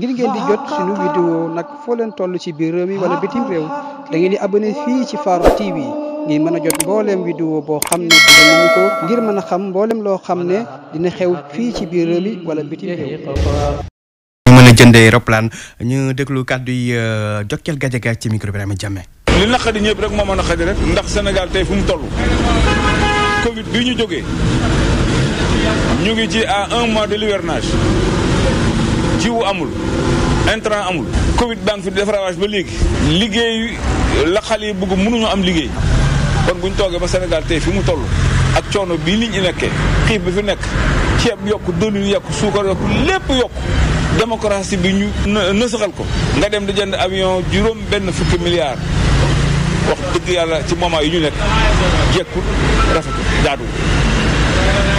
ngir ngeen di jot suñu vidéo nak fo leen tollu ci biir rew mi wala bitim rew da ngeen di abonné fi ci Faro TV ngir mëna jot mbooleem vidéo bo xam ne dinañu ko ngir mëna xam mbooleem lo xam dina xew fi ci biir rew mi wala bitim rew ñu mëna jëndé jëndee ñu déglu kaddu yi euh, jokkel ga ci micro Ibrahima Jamme li xadi ñëpp rek mo mëna xadi rek ndax Sénégal tay fu mu tollu Covid bi ñu joggé ñu ngi ci à un mois de l'hivernage jiwu amul intrant amul Covid baa ngi fi def ba léegi liggéey la xal yi bëgg mënuñu am liggéey kon bu ñu toogee ba Sénégal tey fi mu toll ak coono bii nit ñi nekkee xiif bi fi nekk ceeb yokk dënnu yokk suukar yokk lépp yokk démocratie bi ñu nësaxal ko nga dem di jënd avion juróom benn fukki milliards wax dëgg yàlla ci moment yi ñu nekk jekkul rafetul jaadu